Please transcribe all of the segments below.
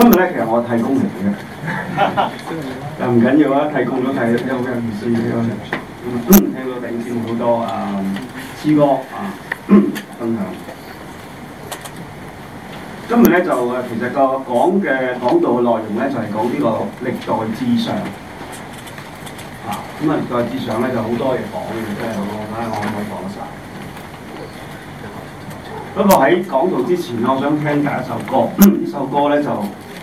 今日咧、 嗯啊嗯，其實我睇供嚟嘅，又唔緊要啊！睇供都睇，有好有意思嘅。聽到頂尖好多啊，詩歌啊，分享。今日咧就誒，其實個講嘅講道嘅內容咧，就係、是、講呢個歷代志上啊。咁啊，歷代志上咧就好多嘢講嘅，真係好，睇下我可唔可以講晒。不過喺講道之前我想聽第一首歌，呢首歌咧就。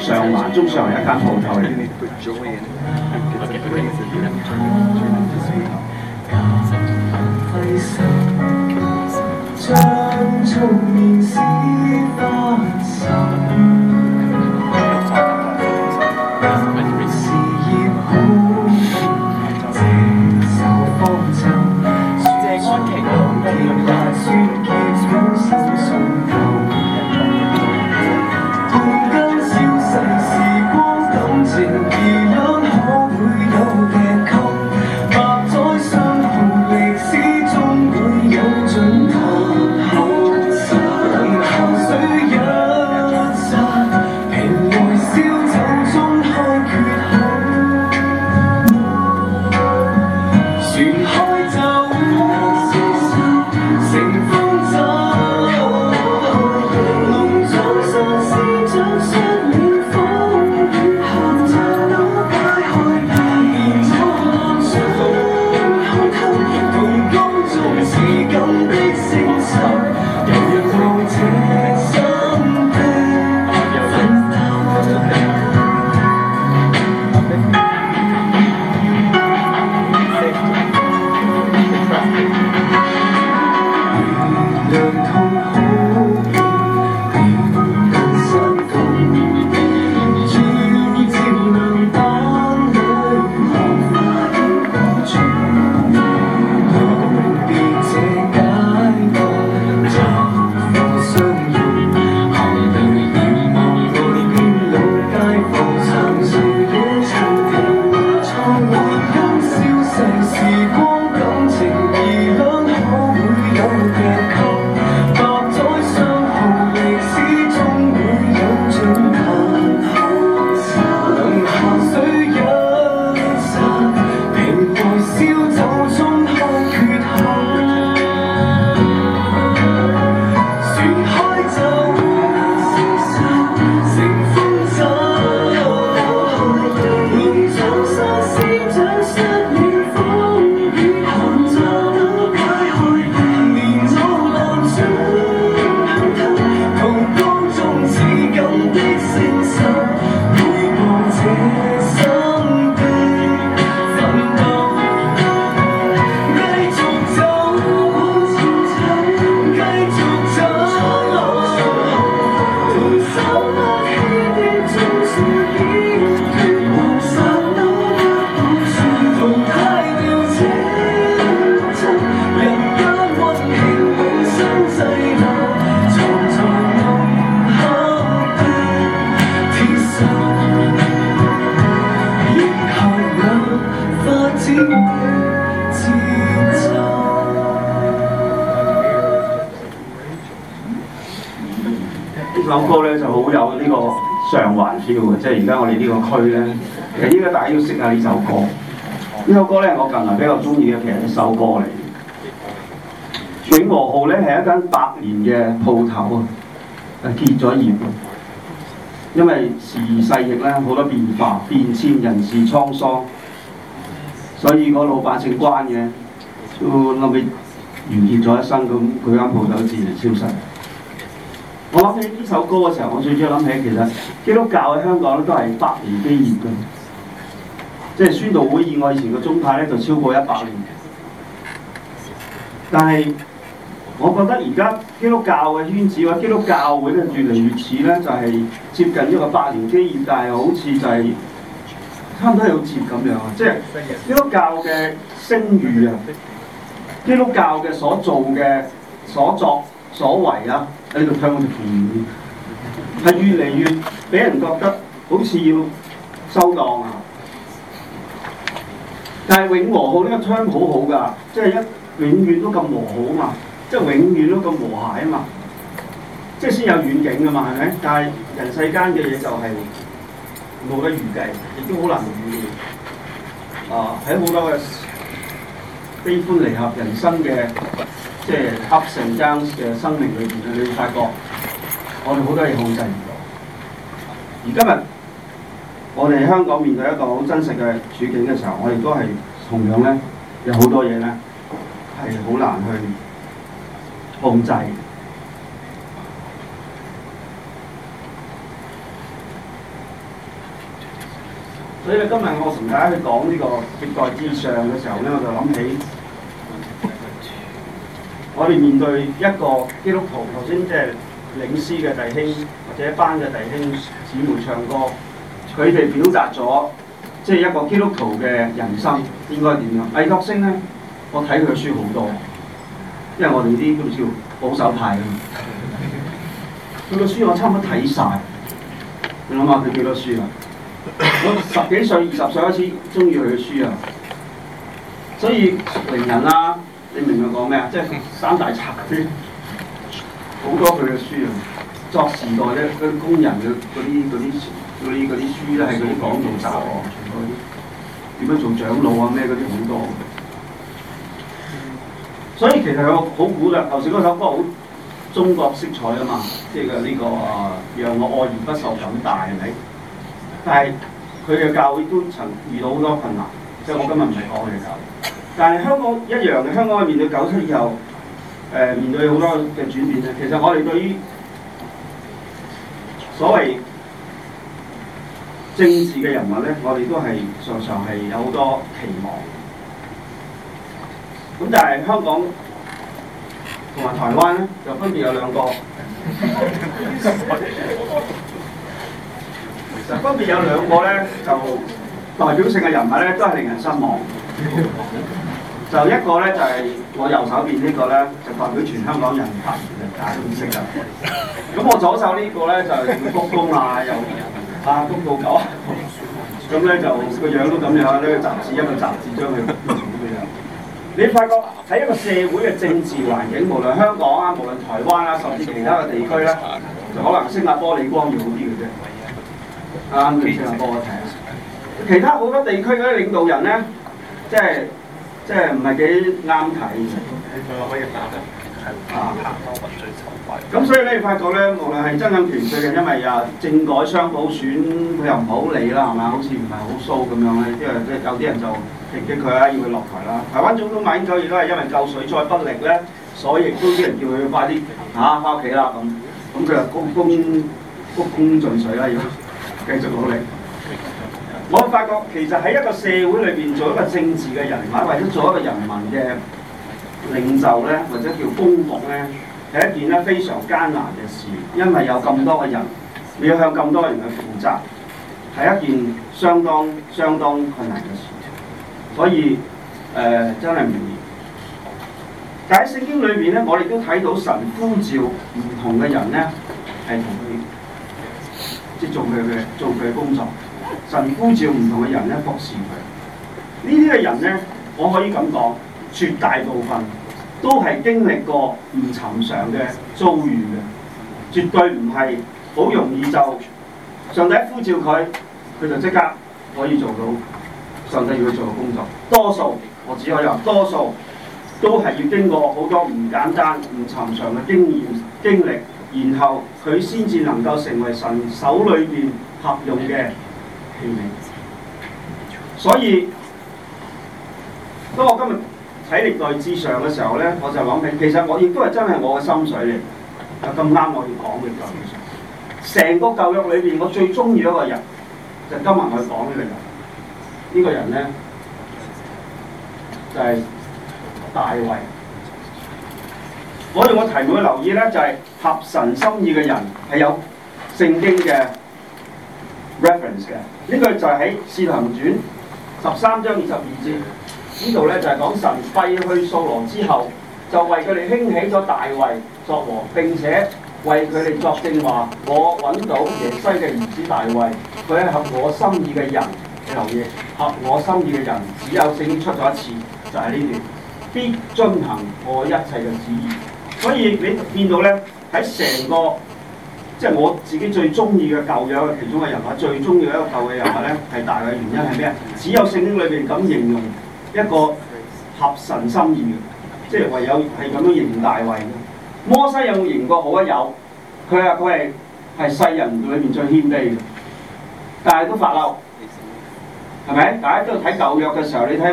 上環中上一間鋪頭。跌咗業，因為時移世易咧好多變化變遷，人事滄桑，所以個老闆姓關嘅，都諗起完結咗一生咁，佢間鋪頭自然消失。我諗起呢首歌嘅時候，我最初想諗起其實基督教喺香港咧都係百年基業嘅，即係宣道會以外以前嘅宗派咧就超過一百年，但係，我覺得而家基督教嘅圈子或者基督教會咧越嚟越似咧，就係、是、接近一個百年基業，但係好似就係差唔多係好折咁樣啊！即係基督教嘅聲譽啊，基督教嘅所做嘅所作所為啊，喺呢個窗度見，係越嚟越俾人覺得好似要收檔啊！但係永和號呢、這個檔好好㗎，即係一永遠都咁和好啊嘛～即係永遠都咁和諧啊嘛，即係先有遠景㗎嘛，係咪？但係人世間嘅嘢就係冇得預計，亦都好難預計。啊，喺好多嘅悲歡離合人生嘅，即係 ups and downs 嘅生命裏面，你會發覺我哋好多嘢控制唔到。而今日我哋香港面對一個好真實嘅處境嘅時候，我哋都係同樣咧，有好多嘢咧係好難去控制。所以今日我同大家去講呢個時代之上嘅時候咧，我就諗起我哋面對一個基督徒頭先即係領詩嘅弟兄或者一班嘅弟兄姊妹唱歌，佢哋表達咗即係一個基督徒嘅人生應該點樣。魏克星咧，我睇佢書好多。因為我哋啲咁叫保守派啊嘛，佢個書我差唔多睇晒。你諗下佢幾多書啊？我十幾歲、二十歲開始中意佢嘅書啊，所以名人啦，你明唔明我講咩啊？即係 三大冊啲，好多佢嘅書啊，作時代咧，啲工人嘅嗰啲嗰啲所以嗰啲書咧係佢講做答案，點樣做長老啊？咩嗰啲好多。所以其實我好估㗎，頭先嗰首歌好中國色彩啊嘛，即係呢個啊，讓我愛而不受感大係咪？但係佢嘅教會都曾遇到好多困難，即係我今日唔係講佢嘅教會。但係香港一樣嘅，香港面對九七以後，誒面對好多嘅轉變。其實我哋對於所謂政治嘅人物咧，我哋都係常常係有好多期望。咁就係香港同埋台灣咧，就分別有兩個。 其實分別有兩個咧，就代表性嘅人物咧，都係令人失望。就一個咧，就係、是、我右手邊個呢個咧，就代表全香港人民嘅。就打紅色，咁我左手個呢個咧，就叫復工啦，又啊公告九、啊，咁 咧就樣樣個樣都咁樣咧，雜誌一個雜誌將佢。你發覺喺一個社會嘅政治環境，無論香港啊，無論台灣啊，甚至其他嘅地區呢，就可能新加坡李光耀好啲嘅啫。阿梁傳宏，我睇啊，其他好多地區嗰啲領導人咧，即係即係唔係幾啱睇。啊！咁所以咧，發覺咧，無論係曾蔭權最近因為啊政改雙普選，佢又唔好理啦，係嘛？好似唔係好蘇咁樣咧，因為即係有啲人就抨擊佢啦，要佢落台啦。台灣總統馬英九亦都係因為救水災不力咧，所以亦都啲人叫佢快啲嚇返屋企啦。咁咁佢又鞠躬鞠躬盡瘁啦，要繼續努力。 我發覺其實喺一個社會裏邊做一個政治嘅人物，或者做一個人民嘅。領袖咧，或者叫公僕咧，係一件咧非常艱難嘅事，因為有咁多嘅人，你要向咁多人去負責，係一件相當相當困難嘅事。所以誒、呃，真係唔易。但喺聖經裏邊咧，我哋都睇到神呼召唔同嘅人咧，係同佢即係做佢嘅做佢嘅工作。神呼召唔同嘅人咧服侍佢。呢啲嘅人咧，我可以咁講。絕大部分都係經歷過唔尋常嘅遭遇嘅，絕對唔係好容易就上帝呼召佢，佢就即刻可以做到上帝要佢做嘅工作。多數我只可以話，多數都係要經過好多唔簡單、唔尋常嘅經驗經歷，然後佢先至能夠成為神手裏邊合用嘅器皿。所以，當我今日，喺歷代之上嘅時候咧，我就諗起，其實我亦都係真係我嘅心水嚟，啊咁啱我要講嘅教育。成個教育裏邊，我最中意一個人，就是、今日我講嘅人，呢、這個人咧就係、是、大衛。我哋我提每嘅留意咧、就是，就係合神心意嘅人係有聖經嘅 reference 嘅。呢、這、句、個、就喺《使徒行傳》十三章二十二節。呢度咧就係講神廢去掃羅之後，就為佢哋興起咗大衛作王，並且為佢哋作證話：我揾到耶西嘅兒子大衛，佢係合我心意嘅人。你留意合我心意嘅人，只有聖經出咗一次，就係呢段必遵行我一切嘅旨意。所以你見到咧，喺成個即係、就是、我自己最中意嘅舊約嘅其中嘅人物，最中意一個舊嘅人物咧，係大嘅原因係咩？只有聖經裏邊咁形容。一個合神心意嘅，即係唯有係咁樣認大位嘅。摩西有冇認過好咧？有，佢話佢係係世人裏面最謙卑嘅，但係都發嬲，係咪？大家都睇舊約嘅時候，你聽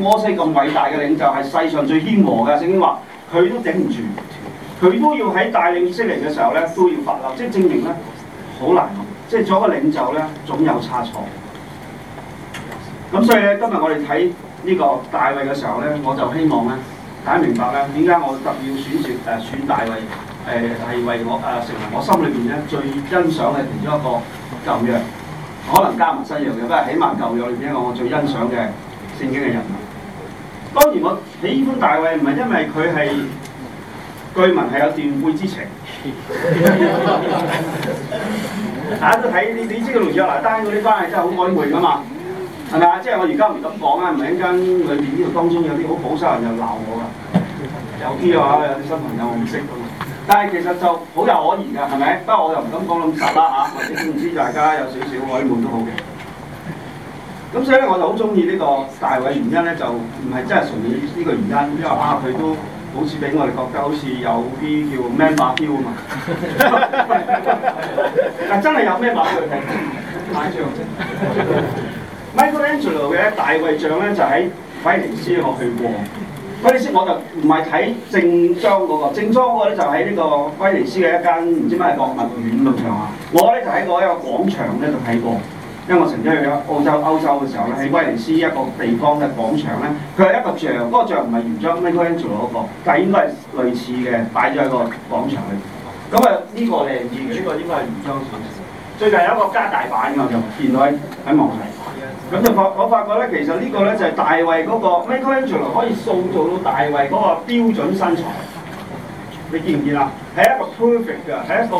摩西咁偉大嘅領袖，係世上最謙和嘅聖經話，佢都頂唔住，佢都要喺帶領以色列嘅時候咧都要發嬲，即係證明咧好難，即係做一個領袖咧總有差錯。咁所以咧，今日我哋睇。呢個大衛嘅時候咧，我就希望咧，大家明白咧，點解我特別要選選誒、啊、選大衛誒係、呃、為我誒成為我心裏邊咧最欣賞嘅其中一個舊約，可能加埋新約嘅，不過起碼舊約入邊一個我最欣賞嘅聖經嘅人物。當然，我喜歡大衛唔係因為佢係據聞係有斷背之情， 大家都睇你你知嘅路子啊，呢單嗰啲關係真係好曖昧噶嘛。係咪啊？即係我而家唔敢講啊，唔係一間裏面呢度當中有啲好保守人又鬧我啊，有啲啊有啲新朋友我唔識咁，但係其實就好有可言㗎，係咪？不過我又唔敢講咁實啦嚇，或者唔知大家有少少開會都好嘅。咁所以咧，我就好中意呢個大衛原因咧，就唔係真係純以呢個原因，因為啊，佢都好似俾我哋覺得好似有啲叫咩 member 啊嘛，但真係有咩 member Michelangelo 嘅大衛像呢，就喺、是、威尼斯我去過。威尼斯我就唔係睇正裝、嗰個喎，正裝個咧就喺呢個威尼斯嘅一間唔知乜嘢博物院度唱我咧就喺嗰一個廣場咧就睇過，因為我曾經去咗澳洲、歐洲嘅時候呢，喺威尼斯一個地方嘅廣場呢，佢係一個像，嗰、嗰個像唔係原裝 Michelangelo 嗰、嗰個，但係應該係類似嘅，擺咗喺個廣場裏。咁啊，呢個靚啲嘅，呢個應該係原裝。最近有一個加大版㗎，我就見到喺喺網上。咁就發我發覺咧，其實呢個咧就係大衛嗰個 Michaelangelo 可以塑造到大衛嗰個標準身材，你見唔見啊？係一個 perfect 嘅，係一個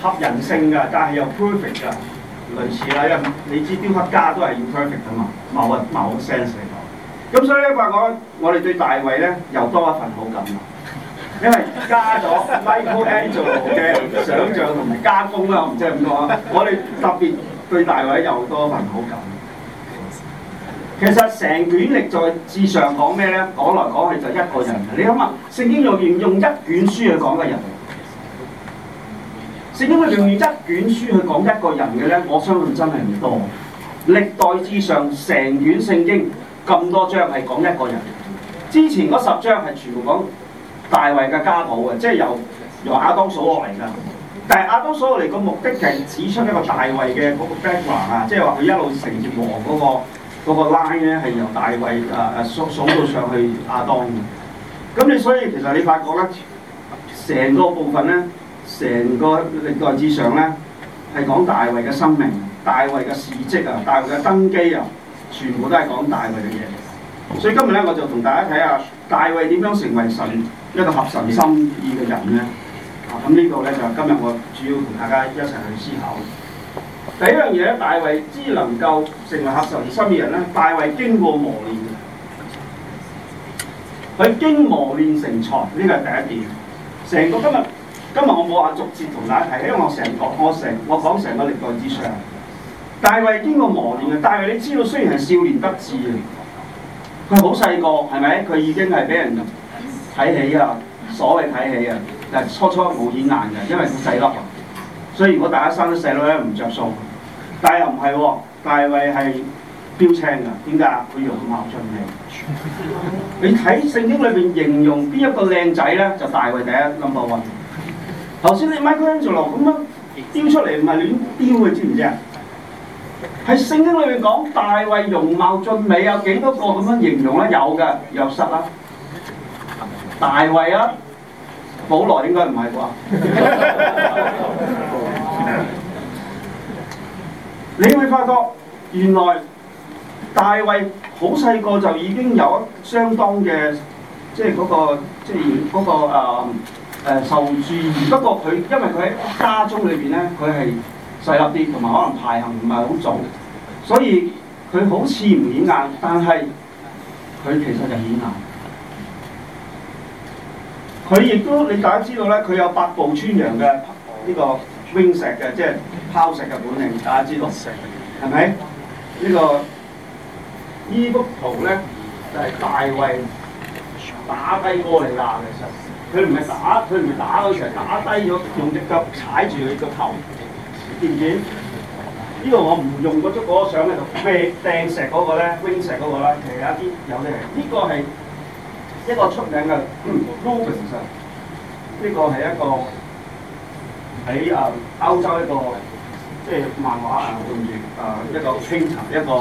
合人性嘅，但係又 perfect 嘅，類似啦。因為你知雕刻家都係要 perfect 啊嘛，某一某 sense 嚟講。咁所以咧，發覺我哋對大衛咧又多一份好感啦，因為加咗 Michaelangelo 嘅想象同埋加工啦，我唔知係點講啊！我哋特別對大衛又多一份好感。其實成卷歷代志上講咩咧？講來講去就一個人。你諗下，聖經用完用一卷書去講個人，聖經佢用一卷書去講一個人嘅咧，我相信真係唔多。歷代志上，成卷聖經咁多章係講一個人。之前嗰十章係全部講大衛嘅家譜嘅，即係由由亞當數落嚟㗎。但係亞當數落嚟個目的係指出一個大衛嘅嗰個 background 啊，即係話佢一路承接王嗰個。嗰個拉咧係由大衛啊啊數數到上去亞當嘅，咁你所以其實你發覺咧，成個部分咧，成個歷代志上咧係講大衛嘅生命、大衛嘅事蹟啊、大衛嘅登基啊，全部都係講大衛嘅嘢。所以今日咧，我就同大家睇下大衛點樣成為神一個合神心意嘅人咧。啊，咁呢度咧就係今日我主要同大家一齊去思考。第一樣嘢咧，大衛只能夠成為合神心意嘅人咧，大衛經過磨練嘅，佢經磨練成才，呢個係第一點。成個今日，今日我冇話逐字同大家睇，因為我成日講，我成我講成個歷代志上，大衛經過磨練嘅。大衛你知道，雖然係少年得志啊，佢好細個，係咪？佢已經係俾人睇起啊，所謂睇起啊，係初初冇顯眼嘅，因為佢細粒。所以如果大家生咗細佬咧，唔著數，但係又唔係，大衛係標青嘅，點解啊？佢容貌俊美。你睇聖經裏面形容邊一個靚仔咧，就大衛第一 number one。頭先啲 Michael Angelo 咁樣雕出嚟唔係亂雕嘅，知唔知啊？喺聖經裏邊講大衛容貌俊美有幾多個咁樣形容咧？有嘅，有十啦，大衛啦、啊。好耐應該唔係啩？ 你會發覺原來大衛好細個就已經有相當嘅，即係嗰個即係嗰個、嗯呃、受注。不過佢因為佢喺家中裏面咧，佢係細粒啲，同埋可能排行唔係好早，所以佢好似唔顯眼，但係佢其實就顯眼。佢亦都，你大家知道咧，佢有百步穿楊嘅呢個錦石嘅，即係拋石嘅本領，大家知道，係咪？這個這個、圖呢個呢幅圖咧就係、是、大衛打低哥利亞，其實，佢唔係打，佢唔係打嗰時候，打低咗，用隻腳踩住佢個頭，見唔見？呢、這個我唔用嗰張嗰個相咧，就劈掟石嗰個咧，錦石嗰個咧，係一啲有啲係呢個係。一個出名嘅魯本斯，呢、這個係一個喺誒、啊、歐洲一個即係漫畫啊，對唔住一個青尋一個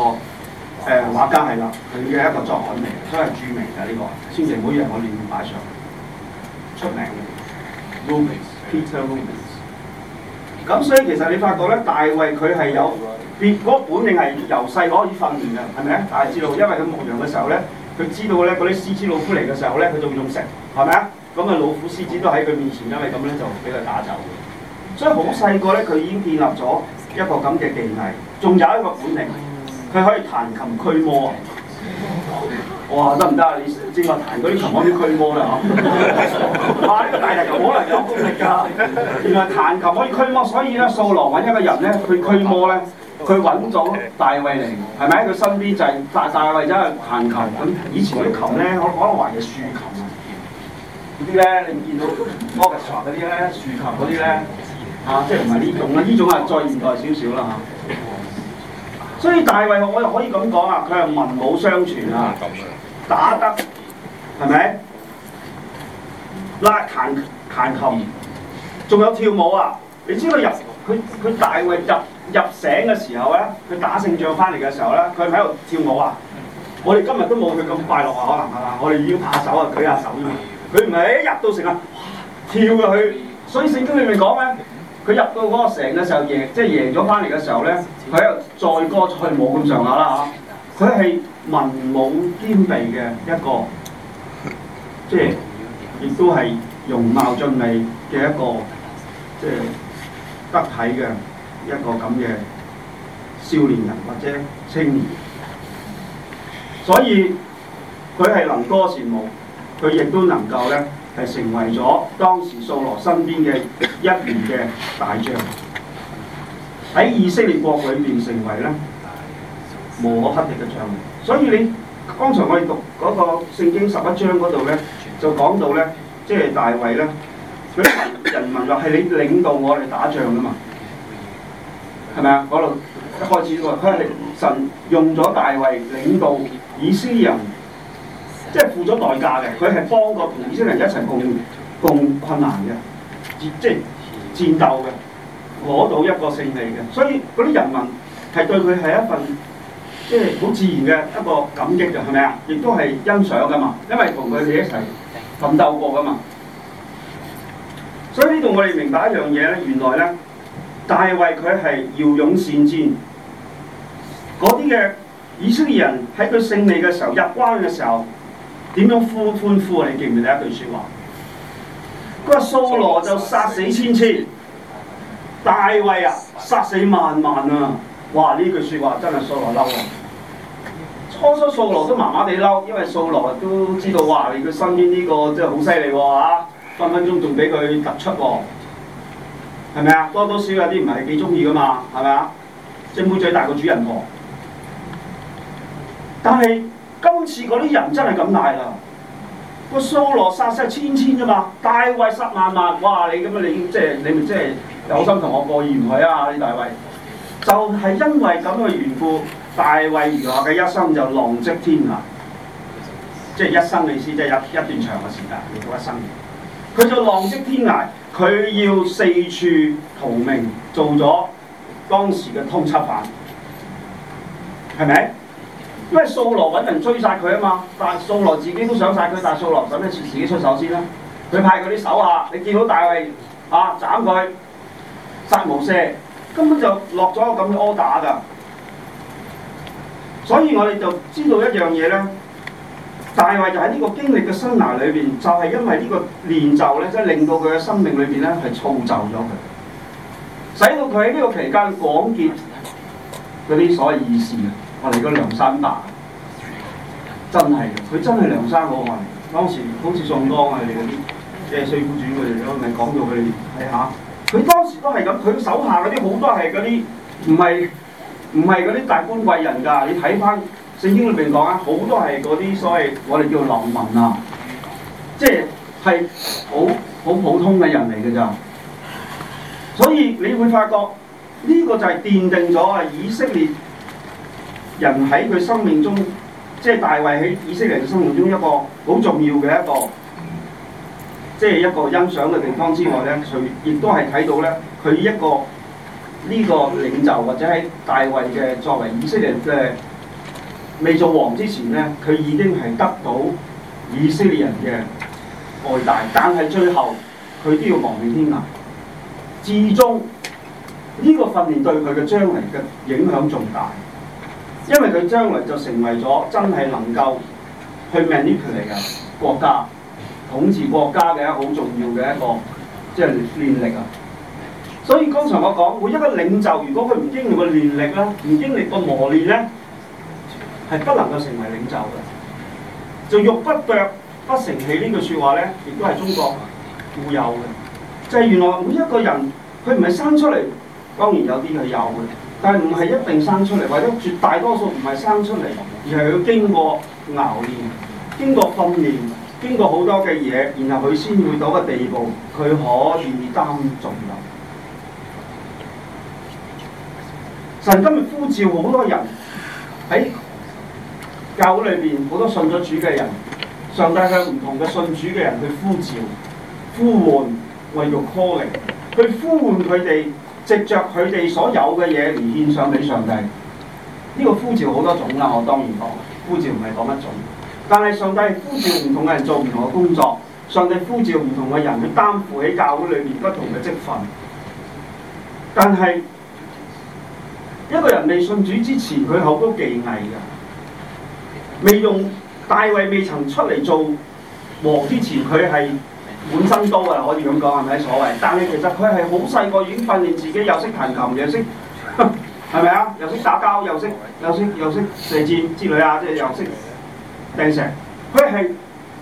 誒畫家係啦，佢嘅一個作品嚟，都係著名嘅呢、這個，宣傳會入我哋擺上的，出名嘅魯本斯，Peter r o 魯本斯。咁 Peter 所以其實你發覺咧，大衛佢係有別嗰本領係由細可以訓練嘅，係咪咧？大家知道，因為佢牧羊嘅時候咧。佢知道咧，嗰啲獅子老虎嚟嘅時候咧，佢仲仲食，係咪啊？咁老虎獅子都喺佢面前，因為咁咧就俾佢打走。所以好細個咧，佢已經建立咗一個咁嘅技藝。仲有一個本事，佢可以彈琴驅魔啊！哇，得唔得？你正話彈嗰啲琴可以驅魔啦嚇！哇、啊，呢、 啊這個大日就可能有功力㗎。 原來彈琴可以驅魔，所以咧掃羅揾一個人咧去驅魔咧。佢揾咗大衛嚟，係咪佢身邊就係大大衛走去彈琴？以前嗰啲琴咧，我講得還係豎琴嗰啲咧，你唔見到摩格薩嗰啲咧，豎琴嗰啲咧啊，即係唔係呢種咧？呢種啊，再現代少少啦。所以大衛我又可以咁講啊，佢係文武雙全啊，打得係咪？拉彈彈琴，仲有跳舞啊？你知道入？佢佢大衛入入城嘅時候咧，佢打勝仗翻嚟嘅時候咧，佢喺度跳舞啊！我哋今日都冇佢咁快樂啊，可能係嘛？我哋已經拍手啊，舉下手啊！佢唔係一入到城啊，跳啊佢！所以聖經裏面講咧，佢入到嗰個城嘅時候贏，即係贏咗翻嚟嘅時候咧，佢喺度載歌載舞咁上下啦嚇！佢係文武兼備嘅一個，即係亦都係容貌俊麗嘅一個，即係。得體嘅一個咁嘅少年人或者青年，所以佢係能歌善舞。佢亦都能夠咧係成為咗當時掃羅身邊嘅一員嘅大將，喺 以色列國裏面成為咧無可匹敵嘅將領。所以你剛才我哋讀嗰、嗰個聖經十一章嗰度咧，就講到咧，即係大衛咧。人民就係你領導我嚟打仗噶嘛，係咪啊？嗰度一開始佢係神用咗大衛領導以色列人，即係付咗代價嘅。佢係幫過同以色列人一齊共共困難嘅，即係戰鬥嘅，攞到一個勝利嘅。所以嗰啲人民係對佢係一份即係好自然嘅一個感激嘅，係咪啊？亦都係欣賞噶嘛，因為同佢哋一齊奮鬥過噶嘛。所以呢度我哋明白一樣嘢咧，原來咧，大衛佢係驍勇善戰，嗰啲嘅以色列人喺佢勝利嘅時候入關嘅時候，點樣呼歡呼啊？你記唔記得一句説話？佢話掃羅就殺死千千，大衛啊殺死萬萬啊！哇！呢句説話真係掃羅嬲啊！初初掃羅都麻麻地嬲，因為掃羅都知道哇，佢身邊呢個真係好犀利喎嚇。分分鐘仲俾佢突出喎，係咪啊？多多少有啲唔係幾中意噶嘛，係咪啊？正妹仔大過主人婆，但係今次嗰啲人真係咁大啦！個掃羅殺死千千啫嘛，大衛殺萬萬，哇！你咁樣，你即係、就是、你咪即係有心同我過意唔去啊！呢大衛就係、是、因為咁嘅緣故，大衛餘下嘅一生就浪跡天涯，即、就、係、是、一生嘅意思，即、就、係、是、一一段長嘅時間，亦都一生。佢就浪跡天涯，佢要四處逃命，做咗當時嘅通緝犯，係咪？因為素羅揾人追殺佢啊嘛，但素羅自己都想殺佢，但素羅使咩自己出手先啦？佢派佢啲手下，你見到大衞啊，斬佢，殺無赦，根本就落咗咁嘅 order 㗎。所以我哋就知道一樣嘢啦。但係話就喺呢個經歷嘅生涯裏邊，就係、是、因為呢個練就咧，即係令到佢嘅生命裏邊咧係造就咗佢，使到佢喺呢個期間廣結嗰啲所謂意思啊！我哋個梁山泊真係佢真係梁山好漢。當時好似宋江啊，你嗰啲即係《水滸傳》佢哋都咪講到佢，睇下佢當時都係咁，佢手下嗰啲好多係嗰啲唔係唔係嗰啲達官貴人噶，你睇翻。聖經裏面講啊，好多係嗰啲所謂我哋叫流民啊，即係係好好普通嘅人嚟嘅咋。所以你會發覺呢個就係奠定咗啊，以色列人喺佢生命中，即係大衛喺以色列嘅生命中一個好重要嘅一個，即係一個欣賞嘅地方之外咧，佢亦都係睇到咧佢一個呢個領袖或者喺大衛嘅作為以色列嘅。未做王之前呢，佢已經係得到以色列人嘅愛戴，但係最後佢都要亡命天涯。至終呢個訓練對佢嘅將嚟嘅影響重大，因為佢將嚟就成為咗真係能夠去 Manipulate 嘅國家統治國家嘅一個好重要嘅一個即係練力啊！所以剛才我講每一個領袖，如果佢唔經歷個練力咧，唔經歷個磨練咧，係不能夠成為領袖嘅。就玉不琢不成器，這句話呢句説話咧，亦都係中國固有嘅。就係、是、原來每一個人，佢唔係生出嚟，當然有啲係有嘅，但係唔係一定生出嚟，或者絕大多數唔係生出嚟，而係要經過熬練、經過訓練、經過好多嘅嘢，然後佢先會到嘅地步，佢可以擔重任。神今日呼召好多人教會裏面好多信咗主嘅人，上帝向唔同嘅信主嘅人去呼召、呼喚為叫 calling，去呼喚佢哋，藉着佢哋所有嘅嘢嚟獻上俾上帝。呢、這個呼召好多種啦，我當然講呼召唔係講一種，但係上帝呼召唔同嘅人做唔同嘅工作，上帝呼召唔同嘅人去擔負喺教會裏面不同嘅職份。但係一個人未信主之前，佢好多技藝嘅。未用大衛未曾出嚟做王之前，佢係滿身刀啊，可以咁講係咪所謂？但係其實佢係好細個已經訓練自己，又識彈琴，又識，係咪啊？又識打交，又識，又識，射箭之類啊，又識掟石。佢係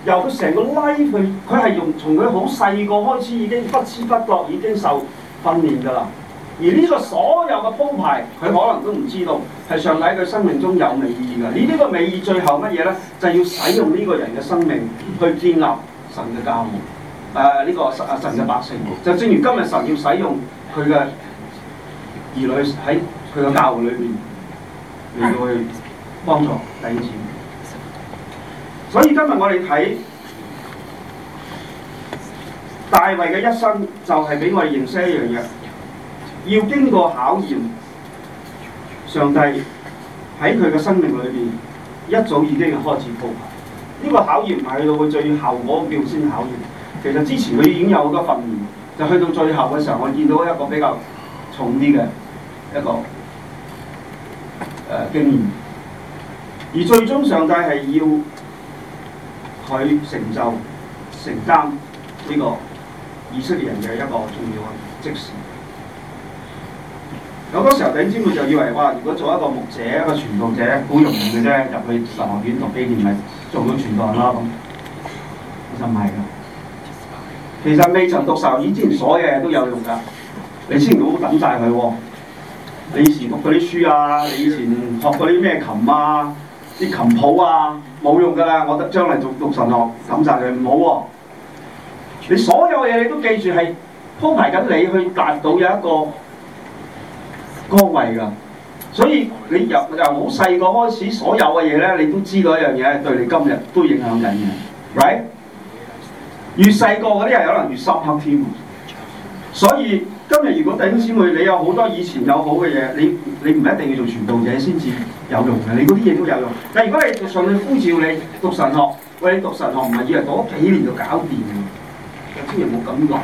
由佢成個拉佢，佢係用從佢好細個開始已經不知不覺已經受訓練㗎啦。而呢個所有嘅鋪排，佢可能都唔知道，係上帝喺佢生命中有美意義㗎。你呢個美意義最後乜嘢呢？就係要使用呢個人嘅生命去建立神嘅教會。誒、呃、呢、這個神啊嘅百姓，就正如今日神要使用佢嘅兒女喺佢嘅教會裏面嚟去幫助領袖。所以今日我哋睇大衛嘅一生，就係俾我哋認識一樣嘢。要經過考驗，上帝喺佢嘅生命裏邊一早已經開始鋪排。呢、這個考驗唔係去到佢最後嗰秒先考驗，其實之前佢已經有個訓練。就去到最後嘅時候，我見到一個比較重啲嘅一個誒經驗。而最終上帝係要佢成就、承擔呢個以色列人嘅一個重要嘅職事。咁嗰時候，弟兄們就以為如果做一個牧者、一個傳道者，好容易嘅啫，入去神學院讀幾年咪做到傳道人咯。咁其實唔係㗎，其實未曾讀神學之前，所有嘢都有用㗎。你千祈唔好抌曬佢喎。你以前讀嗰啲書啊，你以前學嗰啲咩琴啊，啲琴譜啊，冇用㗎啦。我得將嚟仲讀神學抌曬佢唔好喎。你所有嘢你都記住係鋪排緊你去達到有一個崗位㗎，所以你由好細個開始，所有嘅嘢咧，你都知道一樣嘢，對你今日都影響緊嘅，Right？越細個嗰啲人可能越深刻添。所以今日如果弟兄姊妹，你有好多以前有好嘅嘢，你你唔一定要做全部嘢先至有用嘅，你嗰啲嘢都有用。但係如果你上去呼召你，讀你讀神學，喂，你讀神學唔係以為讀幾年就搞掂。有啲人冇咁諗。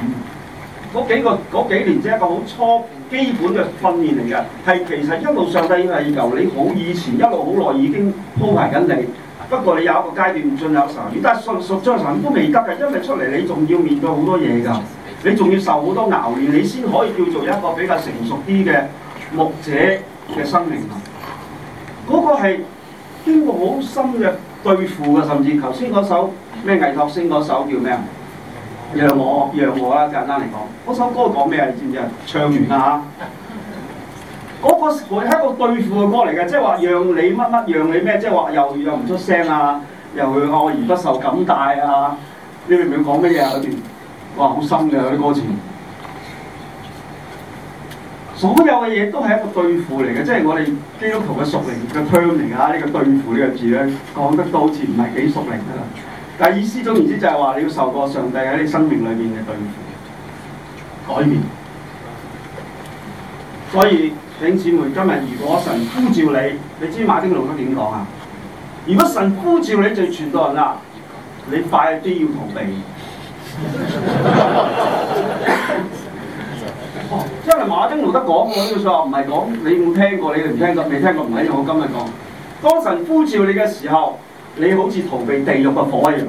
嗰幾個嗰幾年即係一個好初步，基本嘅訓練嚟嘅，係，其實一路上帝係由你好以前一路好耐已經鋪排緊你，不過你有一個階段進入神，得熟熟將神都未得嘅，因為出嚟你仲要面對好多嘢㗎，你仲要受好多熬煉，你先可以叫做一個比較成熟啲嘅牧者嘅生命。嗰、那個係經過好深嘅對付嘅，甚至頭先嗰首咩魏托先嗰首叫咩啊？讓我，讓我啦！簡單嚟講，嗰首歌講咩啊？你知唔知啊？唱完啦、啊、嚇！嗰、嗰個佢係一個對付嘅歌嚟嘅，即係話讓你乜乜，讓你咩，即係話又讓唔出聲啊，又會愛而不受感帶啊，你明唔明講乜嘢啊？嗰段哇，好深嘅嗰啲歌詞，所有嘅嘢都係一個對付嚟嘅，即係我哋基督徒嘅屬靈嘅 term 嚟啊！呢、呢個對付呢個字咧，講得都好似唔係幾屬靈噶啦。但意思總言之就係話你要受過上帝喺你生命裏面嘅對付、改變，所以請姊妹今日如果神呼召你，你知馬丁路德點講啊？如果神呼召你做傳道人啦，你快啲要逃避，因為馬丁路德講過呢句說話，唔係講你冇聽過，你哋唔聽過、未聽過，唔係我今日講。當神呼召你嘅時候。你好似逃避地獄嘅火一樣，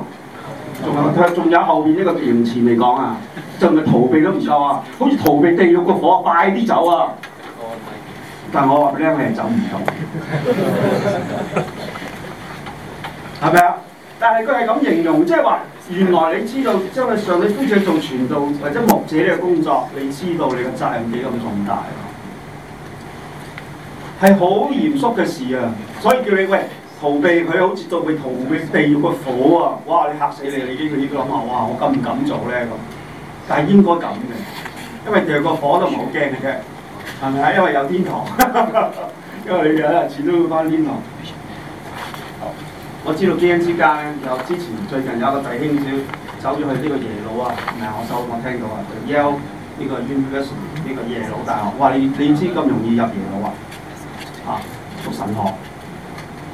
仲有仲有後面呢個言辭未講啊，就係逃避都唔錯啊，好似逃避地獄嘅火，快啲走啊！但係我話俾你聽，你係走唔到，係咪啊？但係佢係咁形容，即係話原來你知道，將來上帝呼召做傳道或者牧者呢個工作，你知道你嘅責任幾咁重大，係好嚴肅嘅事啊，所以叫你喂。逃避佢好似都會逃避地獄個火啊！哇！你嚇死你啊！你依佢依個諗下：「哇！我咁唔敢做咧咁？但係應該咁嘅，因為掉個火都唔好驚嘅啫，係咪啊？因為有天堂， 因為你有陣時都會翻天堂。好我知道基督之家咧，有之前最近有一個弟兄少走咗去呢個耶魯啊，唔係我收放聽到啊，就 Yale 呢個，個 University 呢個耶魯大學，哇！你你知咁容易入耶魯啊？啊，讀神學。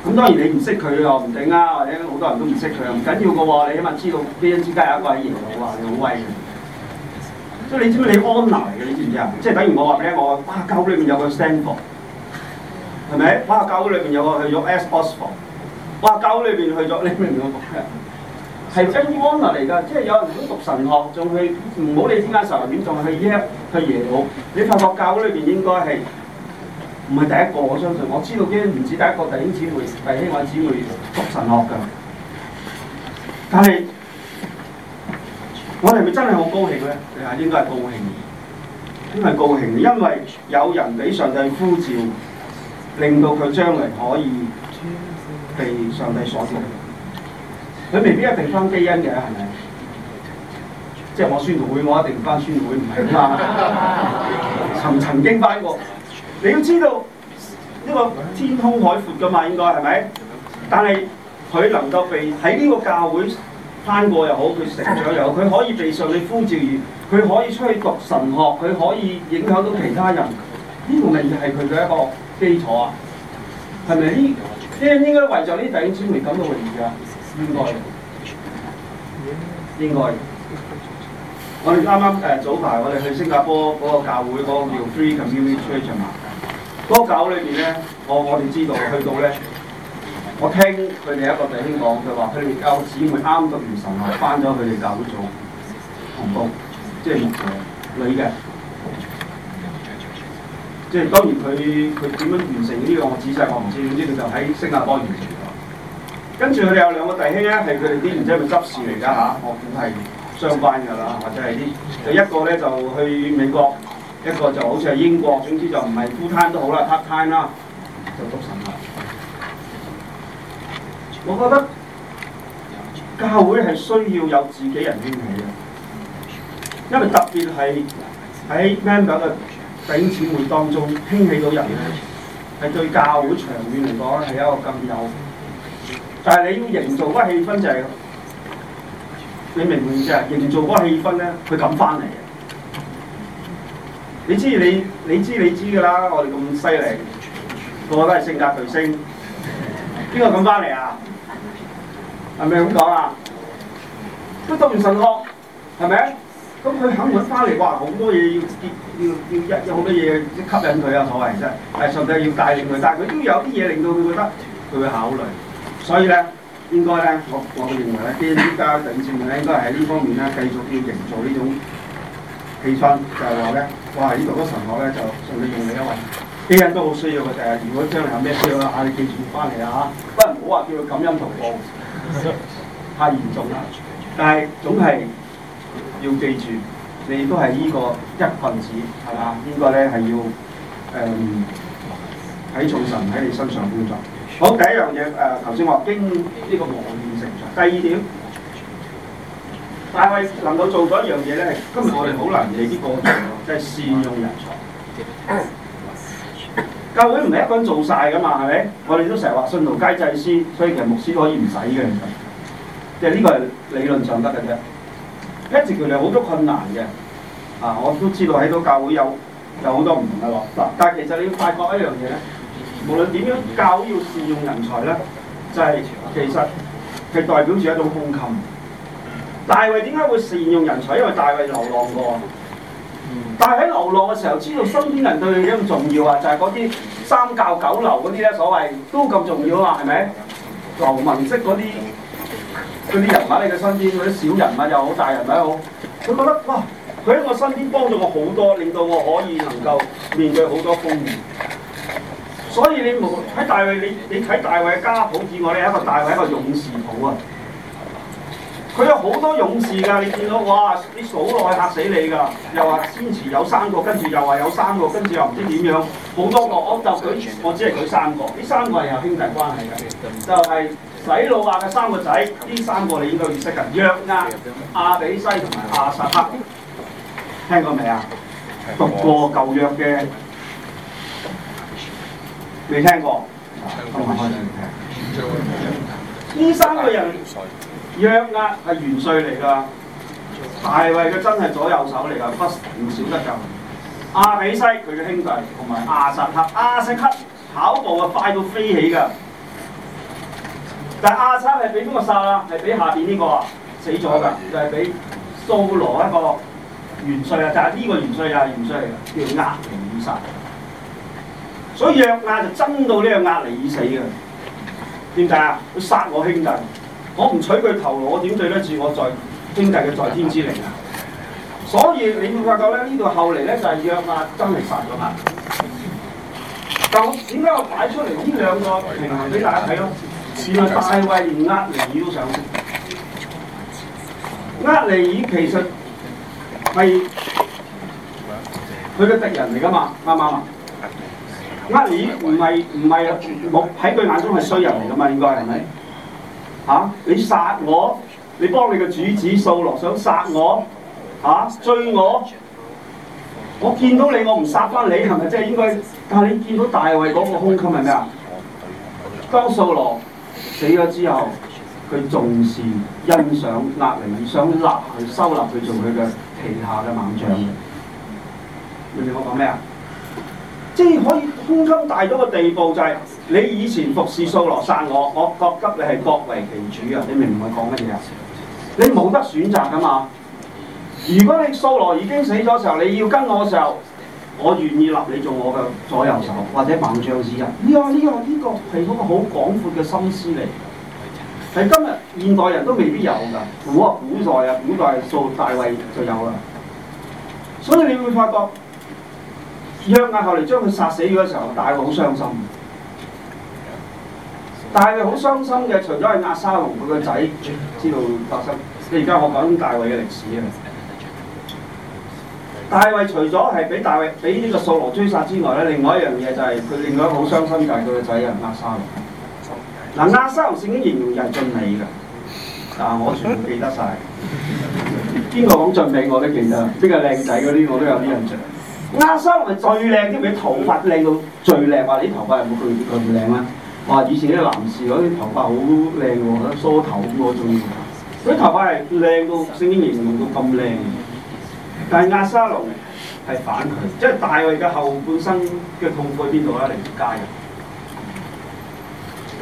咁當然你唔識佢又唔定啊，或者好多人都唔識佢又唔緊要嘅喎，你起碼知道基督之家有一個喺耶魯哇，你好威嘅。所以你知唔知你安娜嚟嘅？你知唔知啊？即係等於我話咩？我話哇，教會裏面有個 Stanford，係咪？哇，教會裏面有個去咗 Oxford 哇，教會裏面去咗，你明唔明我講嘅？係一安娜嚟㗎，即係有人都讀神學，仲去唔好理點解神學院仲去耶去耶魯，你發覺教會裏面應該係。唔係第一個，我相信我知道基因唔止第一個弟兄姊妹、弟兄或姊妹讀神學㗎。但係我係咪真係好高興咧？係應該係高興，應該高興，因為有人俾上帝呼召，令到佢將來可以被上帝所見。佢未必一定翻基因嘅，係咪？即係我宣道會，我一定翻宣道會，唔係啊嘛。曾曾經翻過。你要知道呢、這個天空海闊㗎嘛，應該係咪？但係佢能夠被喺呢個教會翻過又好，佢成長又好，佢可以被上帝呼召完，佢可以出去讀神學，佢可以影響到其他人。呢個咪就係佢嘅一個基礎啊？係咪？應應該為咗呢啲姊妹感到榮譽啊！應該，應該。我哋啱啱誒早排我哋去新加坡嗰、那個教會嗰、那個叫 Three Community Church 嘛。嗰九裏邊咧，我我哋知道去到咧，我聽佢哋一個弟兄講，佢話佢哋教姊妹啱讀完神，後翻咗佢哋教會做同工，即係牧者，女嘅。即係當然佢佢點樣完成呢、這個我仔細我唔知，總之佢就喺新加坡完成咗、這個。跟住佢哋有兩個弟兄咧，係佢哋啲唔知係咪執事嚟噶嚇，我估係相關噶啦，或者係啲第一個咧就去美國。一個就好似係英國，總之就唔係 full time 都好啦，part time 啦，就讀神啦。我覺得教會係需要有自己人興起嘅，因為特別係喺 men 講嘅弟兄姊妹當中興起到人咧，係對教會長遠嚟講係一個咁有。但係你要營造嗰個氣氛就係、是，你明唔明啫？營造嗰個氣氛咧，佢敢返嚟，你知你你知你知噶啦，我哋咁犀利，個個都係性格巨星。邊個敢翻嚟啊？係咪咁講啊？都讀完神學，係咪？咁佢肯揾翻嚟，哇！好多嘢要要要一有好多嘢吸引佢啊，所謂啫。誒，純粹要帶領佢，但係佢都有啲嘢令到佢覺得，佢會考慮。所以咧，應該咧，我我認為咧，依家鄧志明咧，應該喺呢方面咧，繼續要營造呢種氣氛，就係話咧。哇！呢度嗰神我咧就順理用你一位。啲人都好需要嘅。第日如果將有咩需要咧，嗌你記住翻嚟啊嚇。不過唔好話叫佢感恩圖報，太嚴重啦。但係總係要記住，你都係呢個一分子，係嘛？應該咧係要誒睇、嗯、重神喺你身上工作。好，第一樣嘢誒，頭、啊、先我經呢個磨練成長。第二點，但係能夠做嗰一樣嘢咧，今日我哋好難嘅呢個。即係善用人才，教會唔係一個人做晒噶嘛，係咪？我哋都成日話信徒皆祭司，所以其實牧師都可以唔使嘅，即係呢個係理論上得嘅啫。一直條路好多困難嘅，啊，我都知道喺度教會有有好多唔同嘅落。嗱、啊，但係其實你要發覺一樣嘢咧，無論點樣，教要善用人才咧，就係、是、其實係代表住一種胸襟。大衛點解會善用人才？因為大衛流浪過。但係喺流浪嘅時候，知道身邊人對你有咁重要啊，就係嗰啲三教九流嗰啲咧，所謂都咁重要啊，係咪？流民式嗰啲嗰啲人物你嘅身邊，嗰啲小人物又好，大人物又好，佢覺得哇，佢喺我身邊幫咗我好多，令到我可以能夠面對好多風雨。所以你喺大衞，你你喺大衞嘅家譜之我哋係一個大衞，一個勇士堡啊！佢有好多勇士㗎，你見到哇啲數落去嚇死你㗎！又話先前有三個，跟住又話有三個，跟住又唔知點樣好多個，我就舉我只係舉三個，呢三個係有兄弟關係㗎，就係洗魯雅嘅三個仔，呢三個你應該要識㗎，約押、亞比篩同埋亞撒黑，聽過未啊？讀過舊約嘅未聽過？呢、啊啊、三個人。約押係元帥嚟噶，大衛嘅真係左右手嚟噶，不唔少得噶。亞比西佢嘅兄弟同埋亞撒克，亞色克跑步啊快到飛起噶。但係亞撒係畀邊個殺啊？係畀下邊呢個啊死咗噶，就係畀掃羅一個元帥啊，就係呢個元帥又係元帥嚟噶，叫押尼珥。所以約押就憎到呢個押尼珥死噶，點解啊？佢殺我兄弟。我唔取佢頭腦，我點對得住我兄弟嘅在天之靈啊！所以你會發覺呢度後嚟咧就係約押爭嚟殺咗嘛。但係我點解我擺出嚟呢兩個平衡俾大家睇咯？原來大衛唔厄尼爾上，厄尼爾其實係佢嘅敵人嚟噶嘛，啱唔啱啊？厄尼唔係唔係冇喺佢眼中係衰人嚟噶嘛，應該係咪？嚇、啊！你殺我，你幫你嘅主子掃羅想殺我，嚇、啊！罪我，我見到你我唔殺翻你係咪？即係應該。但係你見到大衛嗰個胸襟係咩啊？掃羅死咗之後，佢重視欣賞亞倫，想納去收納去做佢嘅旗下嘅猛將。你見我講咩啊？即係可以胸襟大到嘅地步就係、是。你以前服侍掃羅殺我，我覺得你係各為其主啊！你明唔明我講乜嘢啊？你冇得選擇噶嘛！如果你掃羅已經死咗時候，你要跟我嘅時候，我願意立你做我嘅左右手或者猛將之人。呢個呢個呢個係一個好廣闊嘅心思嚟，喺今日現代人都未必有噶。古啊，古代啊，古代掃大衛就有啦。所以你會發覺約押後嚟將佢殺死咗嘅時候，大個好傷心。大衛好傷心嘅，除咗係亞沙龍佢個仔知道發生。你係而家我講大衛嘅歷史，大衛除咗係俾大衛俾呢個掃羅追殺之外咧，另外一樣嘢就係佢另外一個好傷心嘅係佢個仔啊亞沙龍。嗱，亞沙龍曾經形容又俊美㗎。但我全部記得晒，邊個講俊美我都記得，呢個靚仔嗰啲我都有啲印象。亞沙龍係最靚啲，佢頭髮靚到最靚啊！你啲頭髮係冇佢佢唔靚咩？哇！以前啲男士嗰啲頭髮好靚喎，梳頭嗰種，嗰啲頭髮係靚到聖經形容到咁靚，但係押沙龍係反佢，即係大衛嘅後半生嘅痛苦喺邊度咧？嚟你加入。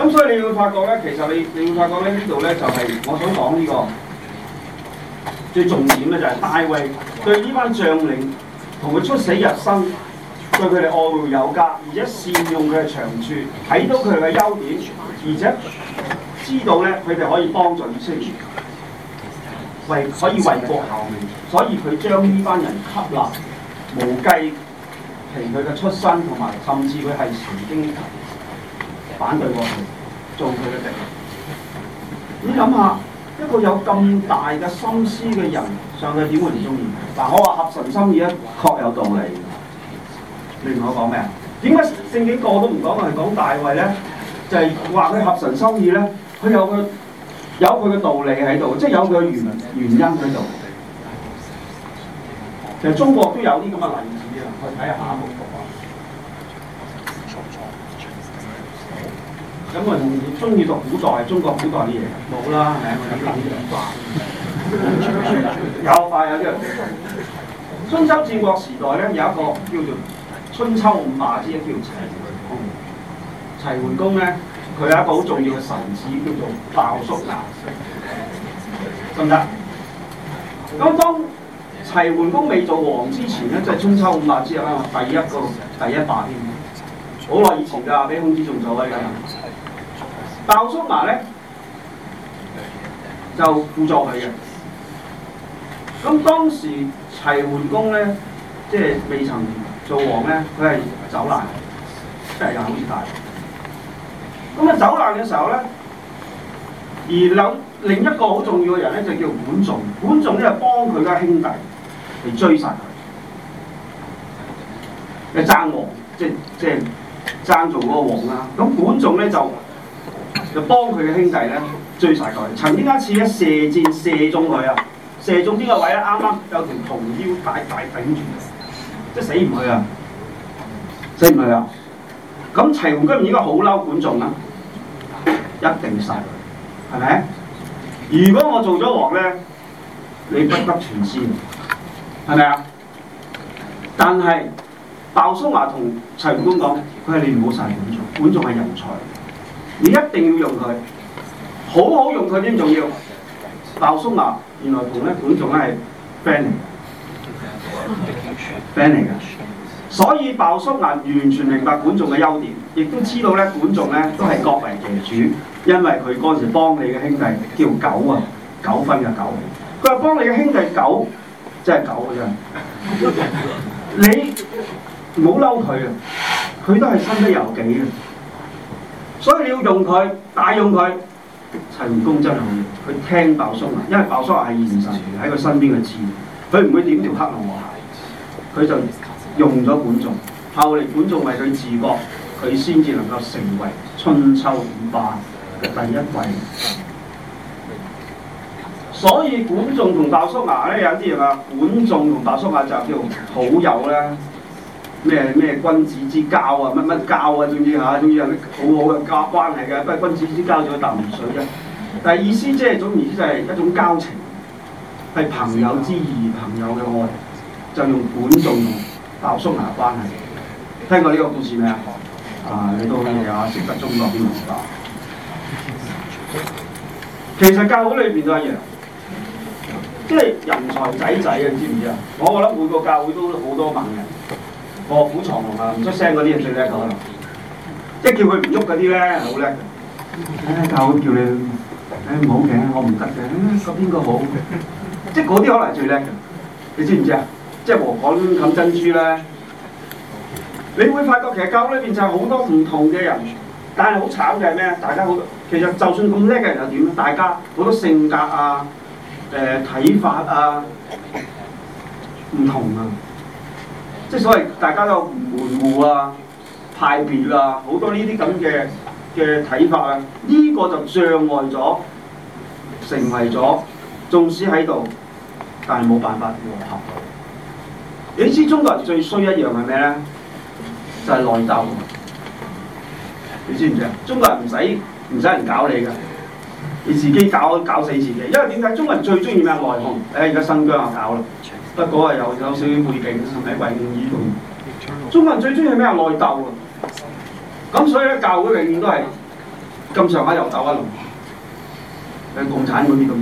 咁所以你會發覺咧，其實你你會發覺咧，呢度咧就係我想講呢個最重點咧，就係大衛對呢班將領同佢出死入生。對佢哋愛護有加，而且善用佢嘅長處，睇到佢哋嘅優點，而且知道咧佢哋可以幫助以色列，可以為國效命，所以佢將呢班人吸納，無計評佢嘅出身同埋，甚至佢係曾經反對過佢做佢嘅敵。你諗下，一個有咁大嘅心思嘅人，上帝點會唔中意？嗱，我話合神心意啊，確有道理。你同我講咩啊？點解聖經個個都唔講，我係講大衞咧？就係話佢合神心意咧，佢有佢有佢嘅道理喺度，即係有佢原原因喺度。其實中國都有啲咁嘅例子嘅。我睇下一幅圖啊。有冇人中意讀古代中國古代啲嘢？冇啦，係啊，我諗都好少掛。有掛有啲啊。春秋戰國時代咧，有一個叫做。春秋五霸之一叫齊桓公，齊桓公咧，佢有一個好重要嘅臣子叫做鮑叔牙，得唔得？咁當齊桓公未做王之前咧，即係春秋五霸之一啦，第一個第一霸添，好耐以前㗎，比孔子仲做早㗎。鮑叔牙咧就輔助佢嘅，咁當時齊桓公咧即係未曾。做王咧，佢係走難，真係有口子大。咁啊，走難嘅時候咧，而另另一個好重要嘅人咧就叫管仲，管仲咧就幫佢家兄弟嚟追殺佢，嚟爭王，即係、即係、爭做嗰個王啦。咁管仲咧就就幫佢嘅兄弟咧追殺佢，曾經一次咧射箭射中佢啊，射中邊個位啊？啱啱有條銅腰帶帶頂住。死唔去啊！死唔去啊！咁齊桓公而家好嬲管仲啊！一定殺佢，係咪？如果我做咗王咧，你不得全屍，係咪啊？但係鮑叔牙同齊桓公講，佢係你唔好殺管仲，管仲係人才，你一定要用佢，好好用佢先重要。鮑叔牙原來同呢管仲呢係 friend。friend 嚟噶，er. 所以鮑叔牙完全明白管仲嘅優點，亦都知道咧管仲咧都係各為其主，因為佢嗰時幫你嘅兄弟叫狗啊，九分嘅狗，佢話幫你嘅兄弟狗，即係狗嘅啫。 你唔好嬲佢啊，佢都係身不由己啊，所以你要用佢，大用佢，陳、就、功、是、真係佢聽鮑叔牙，因為鮑叔牙係現實喺佢身邊嘅知。佢唔會點調黑咯喎，佢就用咗管仲，後嚟管仲為佢治國，佢先至能夠成為春秋五霸嘅第一位。所以管仲同鮑叔牙咧有啲人話、啊，管仲同鮑叔牙就叫好友啦，咩咩君子之交啊，乜乜交啊，總之嚇、啊，總之係、啊啊、好好嘅交關係嘅、啊，不係君子之交就係淡如水啫、啊。但意思即、就、係、是、總言之就係一種交情。係朋友之義，朋友嘅愛，就用管仲鮑叔牙關係。聽過呢個故事未啊？啊，你都係啊，識得中國文化。 其實教會裏邊都係一樣，即係人才仔仔啊！你知唔知啊？我覺得每個教會都好多猛人，臥虎藏龍啊！唔出聲嗰啲係最叻一個啦。即係叫佢唔喐嗰啲咧，好叻，哎。教會叫你誒唔、哎、好嘅，我唔得嘅，咁邊個好？ 即係嗰啲可能係最叻嘅，你知唔知啊？即係禾稈冚珍珠咧，你會發覺其實教裏邊就好多唔同嘅人，但係好慘嘅係咩？大家好，其實就算咁叻嘅人又點？大家好多性格啊、誒、呃、睇法啊唔同啊，即係所謂大家個門戶啊、派別啊，好多呢啲咁嘅嘅睇法啊，呢、這個就障礙咗成為咗。縱使喺度，但係冇辦法和合。你知中國人最衰一樣係咩咧？就係、是、內鬥。你知唔知啊？中國人唔使唔使人搞你㗎，你自己搞搞死自己。因為點解中國人最中意咩內鬨？誒，而家新疆又搞啦，不過啊，有有少少背景喺維吾爾族。中國人最中意咩內鬥啊？咁、嗯、所以教會永遠都係咁上下又鬥一輪，誒共產嗰邊咁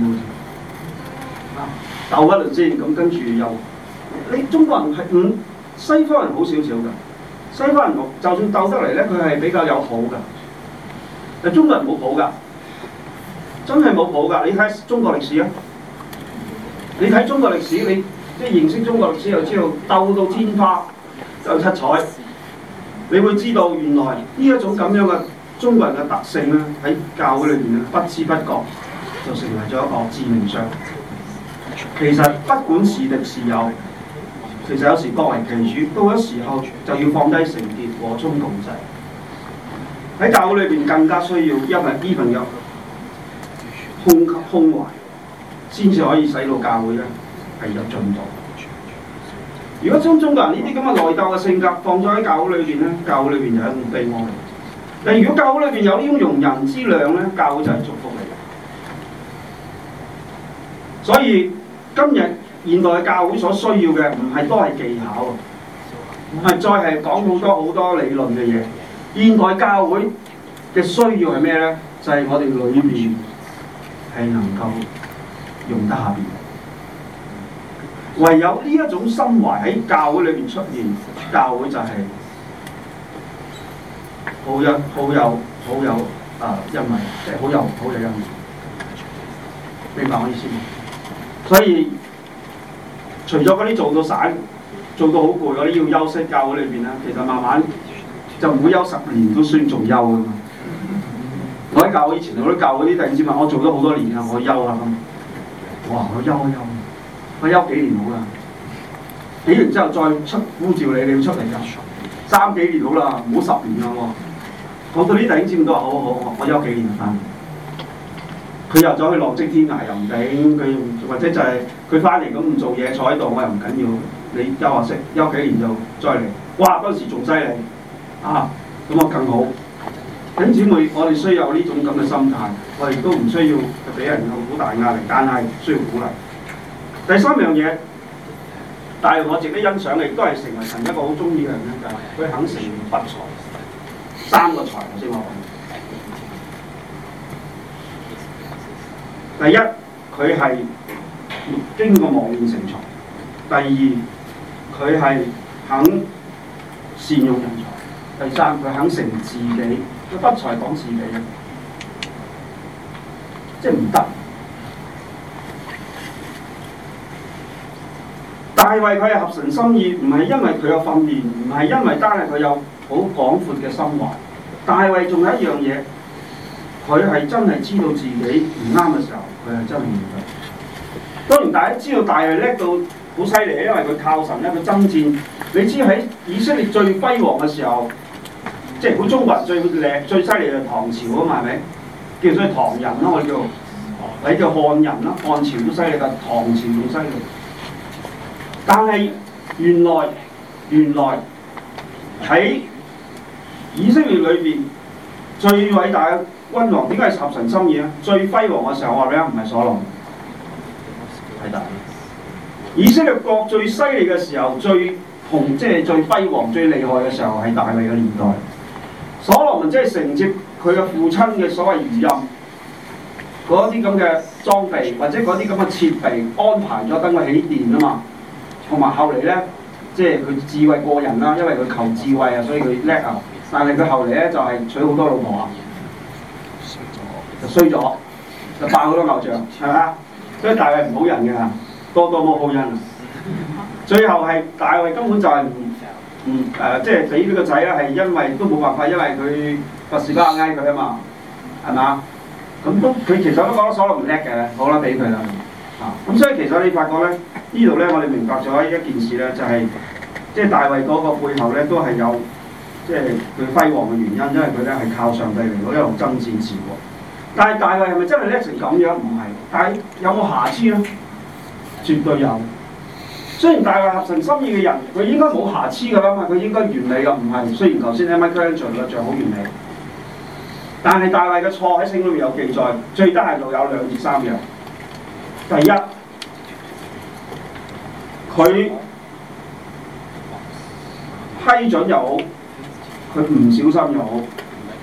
鬥一輪先，咁跟住又你中國人係五、嗯，西方人好少少噶，西方人就算鬥得嚟咧，佢係比較有好噶，但中國人冇好噶，真係冇好噶。你睇中國歷史啊，你睇中國歷史，你即係認識中國歷史,、就是、史又知道鬥到天花又七彩，你會知道原來呢一種咁樣嘅中國人嘅特性咧，喺教會裏面啊，不知不覺就成為咗一個致命傷。其實不管是敵是友，其實有時各為其主，到咗時候就要放低成見和衝動制。喺教會裏邊更加需要一朋友，胸襟胸懷，先至可以使到教會咧係有進步。如果中中國人呢啲咁嘅內鬥嘅性格放咗喺教會裏邊咧，教會裏邊就係一種悲哀。但如果教會裏邊有呢種容人之量咧，教會就係祝福嚟嘅。所以。.今日現代教會所需要嘅唔係都係技巧，唔係再係講好多好多理論嘅嘢。現代教會嘅需要係咩咧？就係、是、我哋裏面係能夠用得下邊。唯有呢一種心懷喺教會裏邊出現，教會就係好有好有、啊、恩好有啊，恩惠即係好有恩好有恩惠。明白我意思嗎？所以除咗嗰啲做到散、做到好攰嗰啲要休息教會裏邊啦，其實慢慢就唔會休十年都算做休㗎嘛。我喺教，我以前我都教嗰啲弟子們，我做咗好多年啦，我休啊。咁。哇！我休休，我休咗，我休咗幾年好啦。幾年之後再出呼召你，你要出嚟㗎。三幾年好啦，唔好十年㗎。我對呢啲弟子，知唔知我話好好好，我休幾年翻。佢入咗去浪跡天涯又，又唔定，佢，或者就係佢翻嚟咁唔做嘢坐喺度，我又唔緊要。你休下息，休幾年就再嚟。哇！嗰時仲犀利啊！咁啊更好。咁姊妹，我哋需要呢種咁嘅心態，我哋亦都唔需要俾人有好大壓力，但係需要鼓勵。第三樣嘢，但係我值得欣賞嘅，亦都係成為神一個好中意嘅人，就係、是、佢肯承認不才。三個才頭先我講。第一，佢係經過磨練成才；第二，佢係肯善用人才；第三，佢肯成自己。佢不才講自己啊，即係唔得。大衛佢係合神心意，唔係因為佢有訓練，唔係因為單係佢有好廣闊嘅心懷。大衛仲有一樣嘢。佢係真係知道自己唔啱嘅時候，佢係真係唔得。當然，大家知道大約叻到好犀利，因為佢靠神一個爭戰。你知喺以色列最輝煌嘅時候，即係好中國人最叻、最犀利嘅唐朝啊嘛，係咪？叫咗唐人啦，我叫，你叫漢人啦，漢朝好犀利㗎，但唐朝仲犀利。但係原來原來喺以色列裏邊最偉大嘅。君王點解係十神心意啊？最輝煌嘅時候，我話俾你聽。唔係所羅門，係大衛。以色列國最犀利嘅時候，最紅即係、就是、最輝煌、最厲害嘅時候係大衛嘅年代。所羅門即係承接佢嘅父親嘅所謂餘蔭，嗰啲咁嘅裝備或者嗰啲咁嘅設備安排咗等佢起殿啊嘛。同埋後嚟咧，即係佢智慧過人啦，因為佢求智慧啊，所以佢叻啊。但係佢後嚟咧就係娶好多老婆啊。就衰咗，就拜好多偶像，係嘛？所以大衛唔好人嘅，多多冇好人。 最後係大衛根本就係、是，唔、嗯、誒，即係俾呢個仔啦，係因為都冇辦法，因為佢拔示巴拉挨佢啊嘛，係嘛？咁都佢其實都覺得所諗唔叻嘅，好啦，俾佢啦。啊，咁所以其實你發覺咧，呢度咧我哋明白咗一件事咧，就係即係大衛嗰個背後咧都係有即係佢輝煌嘅原因，因為佢咧係靠上帝嚟到一路爭戰自喎。但係大衛係咪真係叻成咁樣？唔係，但係有冇瑕疵咧？絕對有。雖然大衛合神心意嘅人，佢應該冇瑕疵㗎啦嘛，佢應該完美㗎，唔係。雖然頭先你阿媽講完咗，著好完美。但係大衛嘅錯喺聖經入面有記載，最低限度有兩至三樣。第一，佢批准又好，佢唔小心又好，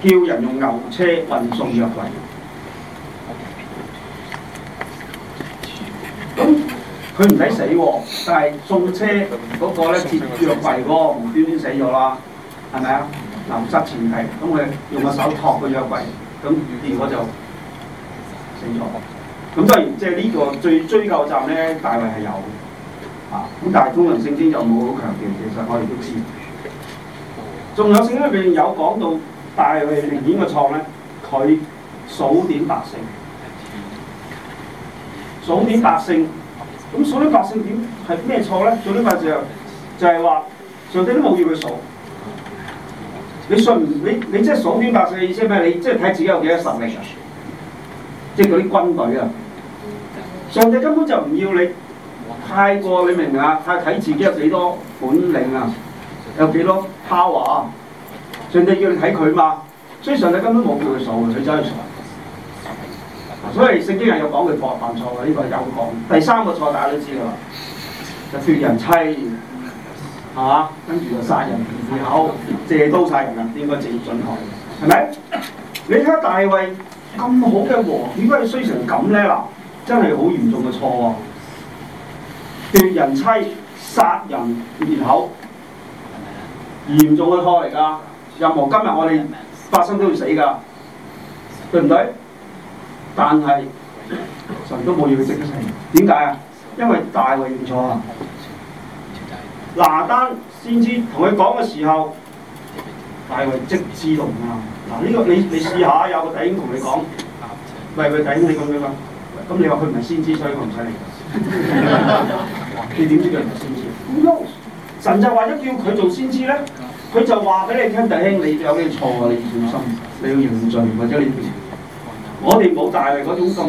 叫人用牛車運送約櫃。佢唔使死喎，但係送車嗰個咧接約櫃喎，無端端死咗啦，係咪？流失前提，咁佢用個手托個約櫃，咁而我就死咗。咁當然，即係呢個最追究站咧，大衛係有嘅，啊，咁但係中文聖經就冇好強調，其實我哋都知。仲有聖經裏邊有講到大衛明顯嘅錯咧，佢數點百姓，數點百姓。咁數啲百姓點係咩錯咧？數啲百姓就係話，上帝都冇要佢數。你信唔你你即係數啲百姓嘅意思係咩？你即係睇自己有幾多實力啊？即係嗰啲軍隊啊！上帝根本就唔要你，太你，太過你明唔明啊？太睇自己有幾多本領啊，有幾多 power。上帝要你睇佢嘛，所以上帝根本冇叫你數，你而家所以聖經人有講佢犯犯錯嘅，呢個係有講。第三個錯大家都知道啦，就奪人妻，係、啊、嘛？跟住就殺人滅口，借刀殺人嘅，應該正準確，係咪？你睇大衛咁好嘅王，點解衰成咁咧？嗱，真係好嚴重嘅錯啊！奪人妻、殺人滅口，嚴重嘅錯嚟㗎。任何今日我哋發生都要死㗎，對唔對？但係神都冇要佢識一世，點解啊？因為大衞認錯啊！拿單先知同佢講嘅時候，大衞即知龍啊！嗱、啊，呢、這個你你試下，有個弟兄同你講，喂，佢弟兄，你咁樣啦，咁你話佢唔係先知，所以佢唔使理。 你點知佢唔係先知？神就話咗叫佢做先知咧，佢就話俾你聽，弟兄，你有咩錯啊？你要小心，你要認罪，或者你。我哋冇大衛嗰種咁，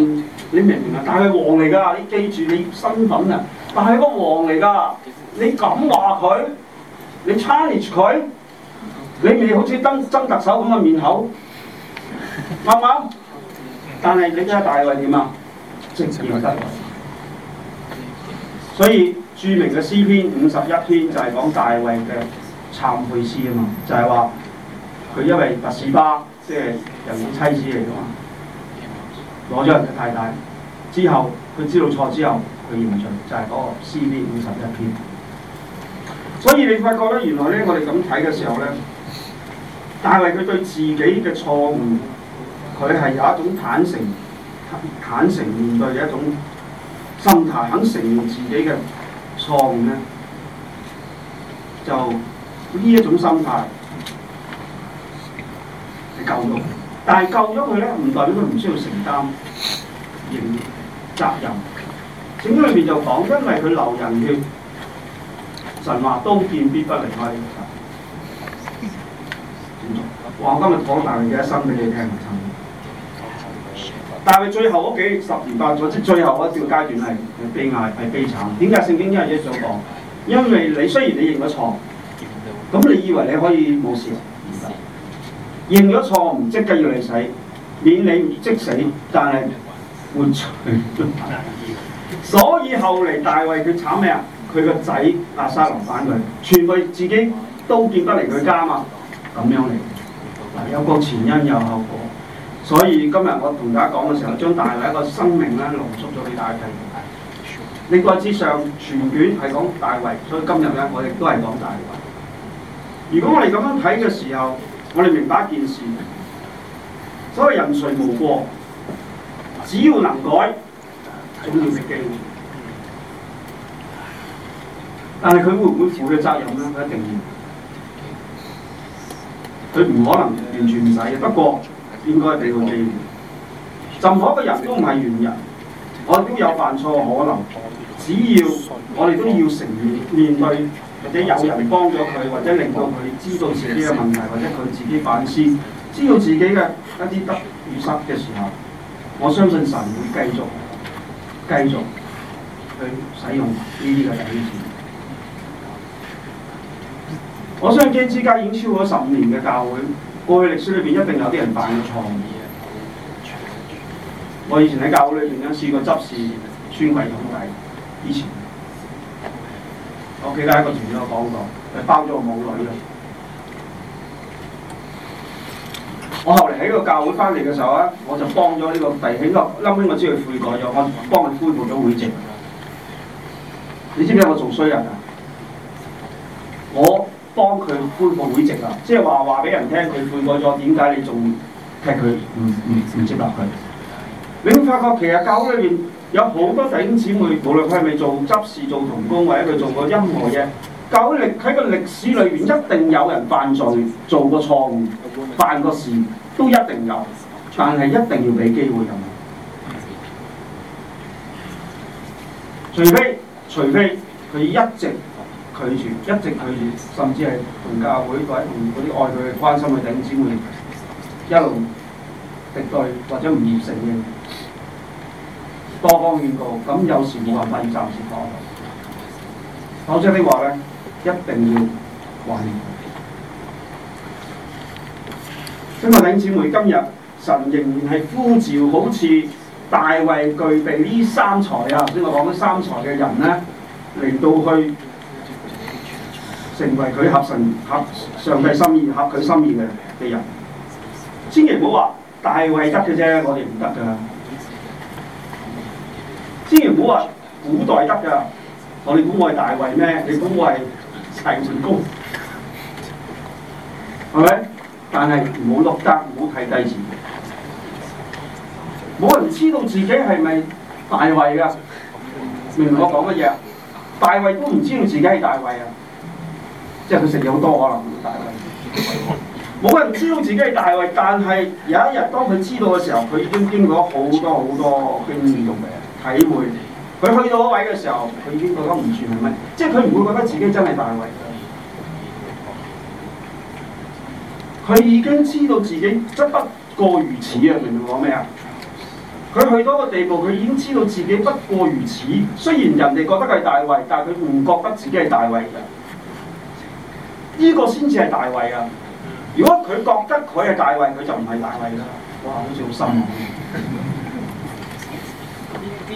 你明唔明啊？大衛王嚟噶，你記住你身份啊！但係個王嚟噶，你敢話佢？你 challenge 佢？你咪好似曾曾特首咁嘅面口，啱唔啱？但係你睇大衛點啊？正義得。所以著名嘅詩篇五十一篇就係講大衛嘅懺悔詩啊嘛，就係話佢因為拔示巴即係人妻子嚟噶嘛。攞咗人嘅太太之後，之後，佢知道錯之後，佢認罪，就係，是，嗰個詩篇五十一篇。所以你發覺咧，原來咧，我哋咁睇嘅時候咧，但係佢對自己嘅錯誤，佢係有一種坦誠，坦坦誠面對嘅一種心態，肯承認自己嘅錯誤咧，就呢一種心態，你夠到。夠？但係救咗佢咧，唔代表佢唔需要承擔刑責任。聖經裏面就講，因為佢流人血，神話刀劍必不離開、嗯。我今日講大衛嘅一生俾你聽，嗯、但係最後嗰幾十年八載，即最後嗰段階段係悲哀，係悲慘。點解聖經今日嘢想講？因為你雖然你認咗錯，咁你以為你可以冇事？認咗錯，唔即刻要你死，免你唔即死，但係活罪。 所以後嚟大衛佢慘咩啊？佢個仔阿沙龍反佢，全部自己都見得嚟，佢家啊嘛。咁樣嚟，嗱，有個前因有後果。所以今日我同大家講嘅時候，將大衛一個生命咧濃縮咗俾大家睇。呢個之上全卷係講大衛，所以今日咧我亦都係講大衛。如果我哋咁樣睇嘅時候，我哋明白一件事，所謂人誰無過，只要能改，總要俾機會。但係佢會唔會負嘅責任咧？佢一定要，佢唔可能完全唔使嘅。的不過應該俾佢機會。任何一個人都唔係完人，我哋都有犯錯嘅可能。只要我哋都要承認面對。或者有人幫咗佢，或者令到佢知道自己嘅問題，或者佢自己反思，知道自己嘅一啲得與失嘅時候，我相信神會繼續繼續去使用呢啲嘅例子。我相信基督之家已經超過十五年嘅教會，過去歷史裏邊一定有啲人辦過創意嘅。我以前喺教會裏邊有試過執事宣講講解，以前。你哋一個團友講過，係包咗個母女嘅。我後嚟喺個教會翻嚟嘅時候咧，我就幫咗呢個弟兄。臨尾我知佢悔改咗，我幫佢恢復咗會籍。你知唔知我做衰人啊？我幫佢恢復會籍啊！即係話話俾人聽，佢悔改咗，點解你仲踢佢？唔唔唔，接納佢。嗯嗯嗯、你發覺其實教會入面，有好多弟兄姊妹，無論佢係咪做執事、做同工，或者佢做過任何嘢，究竟喺個歷史裏面一定有人犯罪、做過錯誤、犯過事都一定有，但係一定要俾機會佢。除非除非佢一直拒絕、一直拒絕，甚至係同教會或者同嗰啲愛佢、嘅關心佢的弟兄姊妹一路敵對或者唔接受嘅。多方禱告，咁有時我話問暫時講，我即係話呢，一定要懷疑。因弟兄姊妹今，今日神仍然係呼召，好似大衛具備呢三才啊！頭先我講啲三才嘅人呢，嚟到去成為佢合神合上帝心意、合佢心意嘅人，千祈唔好話大衛得嘅啫，我哋唔得噶。我話古代得㗎，我哋估我係大衛咩？你估我係齊桓公，係咪？但係唔好落格，唔好睇低自己，冇人知道自己係咪大衛㗎？明唔明我講乜嘢？大衛都唔知道自己係大衛啊，即係佢食嘢好多可能大衛。大衛冇人知道自己係大衛，但係有一日當佢知道嘅時候，佢已經經過好多好多經驗嘅體會。佢去到嗰位嘅時候，佢已經覺得唔算係乜，即係佢唔會覺得自己真係大衛。佢已經知道自己真係不過如此啊！明唔明我咩啊？佢去到個地步，佢已經知道自己不過如此。雖然人哋覺得佢係大衛，但係佢唔覺得自己係大衛嘅。依、呢個先至係大衛啊！如果佢覺得佢係大衛，佢就唔係大衛啦。哇，好似好深奧。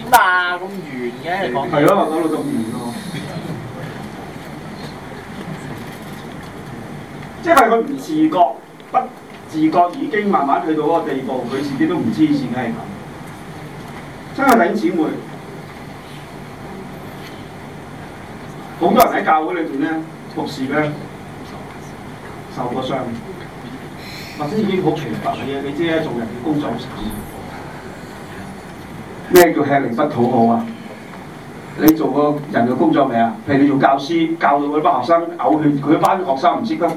點啊？咁遠嘅，你講係咯，講到咁遠咯，即係佢唔自覺，不自覺已經慢慢去到嗰個地步，佢自己都唔知自己係咁。真係頂黐線，好、嗯、多人喺教會裏面咧服事咧受過傷，或者已經好平凡嘅嘢，你知啦，做人要工作好辛咩叫吃力不討好啊？你做過人嘅工作未啊？譬如你做教師，教到佢班學生嘔血，佢班學生唔識得，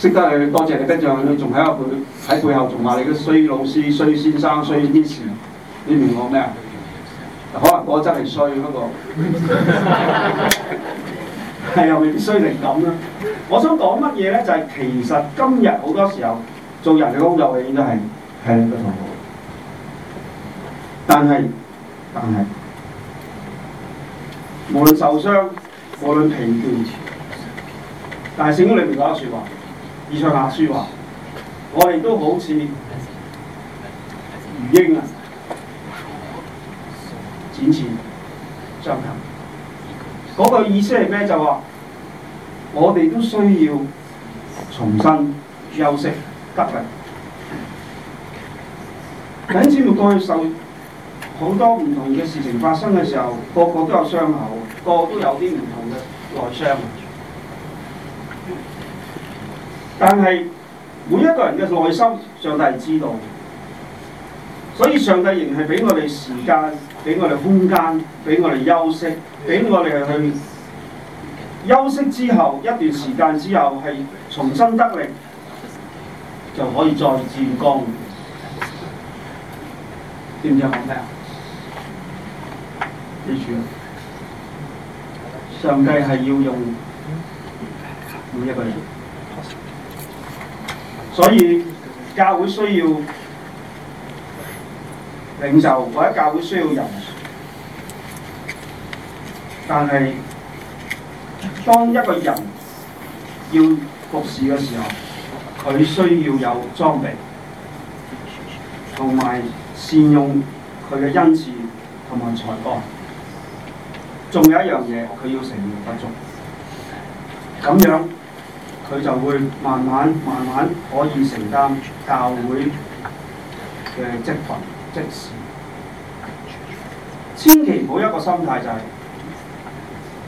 識得你，多謝你跟住，你仲喺後背喺背後仲話你個衰老師、衰先生、衰啲事，你明我咩啊？可能我真係 衰，不過，係又未必衰嚟咁啦。我想講乜嘢咧？就係、是、其實今日好多時候做人嘅工作永遠都係吃力不討好。但係，但係，無論受傷，無論疲倦，但係聖經裏面嗰句話，以賽亞説話，我哋都好似如鷹啊，展翅上騰。嗰、那個意思係咩？就話、是、我哋都需要重新休息得力。嚟，因此唔該受。好多唔同嘅事情發生嘅時候，個個都有傷口，個個都有啲唔同嘅內傷。但係每一個人嘅內心，上帝係知道，所以上帝仍係俾我哋時間，俾我哋空間，俾我哋休息，俾我哋去休息之後一段時間之後，係重新得力就可以再戰江湖。點解講咩啊？記住，上帝係要用每一個人。所以教會需要領袖，或者教會需要人。但係當一個人要服事嘅時候，佢需要有裝備，同埋善用佢嘅恩賜同埋才幹。仲有一樣嘢，佢要承認不足，咁樣佢就會慢慢慢慢可以承擔教會嘅職份、職事。千祈唔好一個心態就係、是、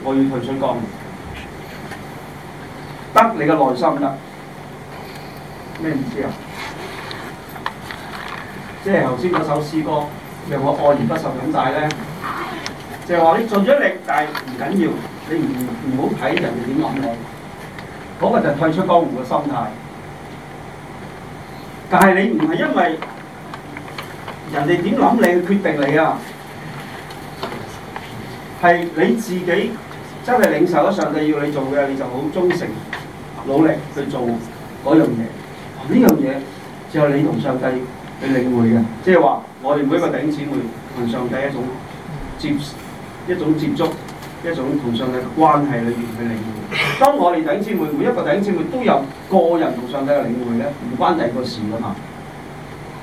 我要退出江湖，得你嘅耐心啦。咩意思啊？即係頭先嗰首詩歌，讓我愛而不受感戴咧。就係話你盡咗力，但係唔緊要，你唔唔好睇人哋點諗你，嗰、嗰個就退出江湖嘅心態。但係你唔係因為人哋點諗你嘅決定你啊，係你自己真係領受咗上帝要你做嘅，你就好忠誠努力去做嗰樣嘢。呢、啊、樣嘢就係你同上帝去領會嘅，即係話我哋每一個弟兄姊妹同上帝一種接。一種接觸，一種同上帝嘅關係裏邊嘅領會。當我哋弟兄姊妹每一個弟兄姊妹都有個人同上帝嘅領會咧，唔關第二個事噶嘛。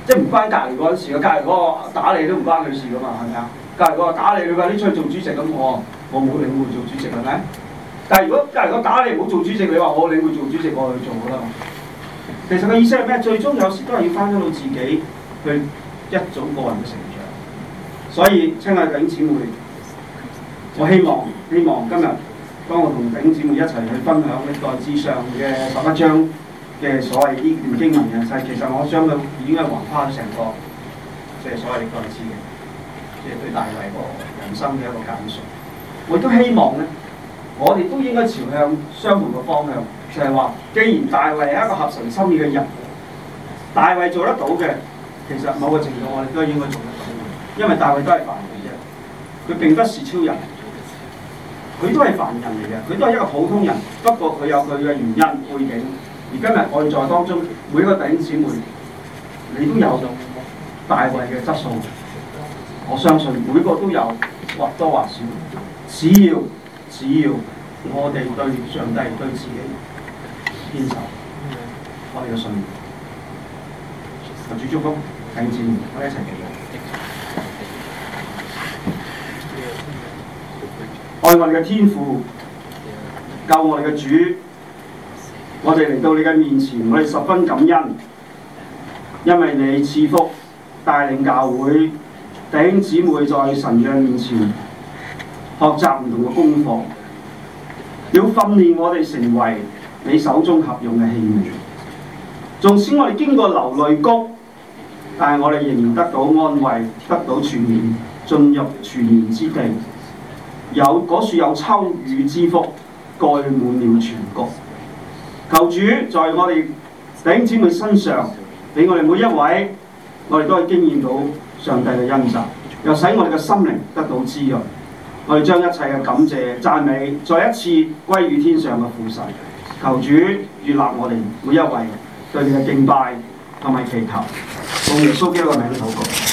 即係唔關隔離嗰陣時，隔離嗰個打你都唔關佢事噶嘛，係咪啊？隔離嗰個打你，你快啲出去做主席咁我，我冇領會做主席，係咪？但係如果隔離嗰個打你，唔好做主席，你話我領會做主席，我去做啦嘛。其實個意思係咩？最終有時都係要翻返到自己去一種個人嘅成長。所以親愛弟兄姊妹。我希望，希望今日當我同丁姊妹一齊去分享歷代志上嘅十一章嘅所謂呢段經文嘅、就、事、是，其實我想佢已經係橫跨成個即係、就是、所謂歷代志嘅，即、就、係、是、對大衛個人生嘅一個簡述。我都希望咧，我哋都應該朝向相同嘅方向，就係話，既然大衛係一個合神心意嘅人，大衛做得到嘅，其實某個程度我哋都應該做得到。因為大衛都係凡人啫，佢並不是超人。佢都係凡人嚟嘅，佢都係一個普通人。不過佢有佢嘅原因背景。而今日我哋在當中每一個弟兄姊妹，你都有大衛嘅質素。我相信每個都有或多或少。只要，只要我哋對上帝對自己堅守我哋嘅信念，求主祝福，弟兄姊妹，我哋一齊祈禱。愛我哋嘅天父，救我哋嘅主，我哋嚟到你嘅面前，我哋十分感恩，因為你賜福帶領教會弟兄姊妹在神嘅面前學習唔同嘅功課，要訓練我哋成為你手中合用嘅器皿。縱使我哋經過流淚谷，但係我哋仍然得到安慰，得到泉源進入泉源之地。有嗰樹有秋雨之福，蓋滿了全國。求主在我哋弟兄姊妹身上，俾我哋每一位，我哋都會經驗到上帝嘅恩澤，又使我哋嘅心靈得到滋潤。我哋將一切嘅感謝讚美，再一次歸於天上嘅父神。求主悅納我哋每一位對你嘅敬拜同埋祈求。我哋收結我名嘅報告。